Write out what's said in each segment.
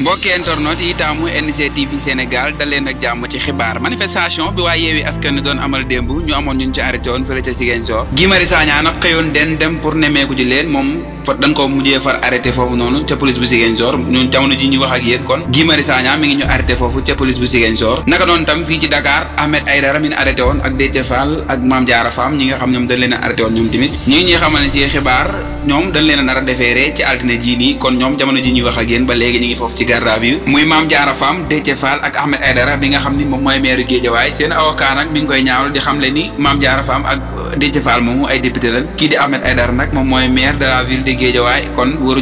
mbokki internet yi taamu NGTV Sénégal daleen ak jàmm ci xibaar manifestation bi waa yeewi askan wi doon amal démb ñu amoon ñun ci arrêté woon fële ca Ziguinchor Guy Marius Sagna ji moom dañ ko mujjee noonu ca police bu Ziguinchor ñun ñu wax ak yéen kon Guy Marius Sagna mi ngi ñu arrêté foofu ca police bu Ziguinchor naka noonu tam fii ci Dakar Ahmed Aïdara mi ñu arrêté woon ak Déthié Fall ak Mame Diarra Fam ñi nga xam ñoom dañ leen a arrêté woon ñoom tamit ñi ngi ñuy xamal ne ci xibaar ñoom dañ leen a nar a defeere ci altine jii nii kon ñoom jamono ji ñuy wax ak yéen ba léegi ñu ngi foofu ci garde à vue nga xam ni moom mooy maire Guédiawaye seen avocat koy ñaawal di le ni Mame Diarra Fam ak euh, Déthié Fall moomu ay kii di Ahmed Aidara nag moom mooy maire de la ville de Guédiawaye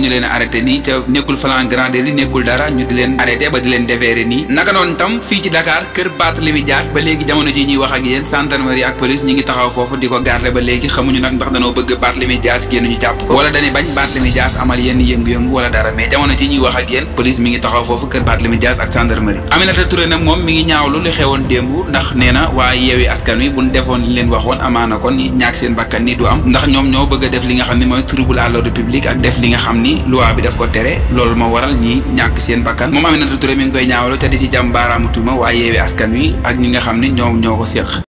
leen a arrêté nii ca nekkul flagrant délit li dara ñu di leen arrêté ba di leen defeere nii naka noonu tam fii ci Dakar kër Barthélémy Dias ba léegi jamono ji ñuy wax ak yéen gendarmerie ak police ñi ngi taxaw foofu di ko garder ba léegi xamuñu nag ndax danoo bëgg Barthélémy Dias génn ñu jàpp wala dañuy bañ Barthélémy Dias amal yenn yëngu-yëngu wala dara mais jamono ci ñuy wax ak yéen police mi ngi taxaw foofu kër Barthélémy Dias ak gendarmerie Aminata Touré nag moom mi ngi ñaawlu li xewoon démb ndax nee na waa yeewi askan wi buñ defoon leen waxoon amaana kon ñàkk seen bakkan ni du am ndax ñoom ñoo bëgg a def li nga xam ne mooy trouble à l'ordre public ak def li nga xam ni loi bi daf ko tere loolu moo waral ñi ñàkk seen bakkan moom Aminata Touré mi ngi koy ñaawlu te di ci jàmm wi ak ñi nga xam ni ñoom ñoo ko séq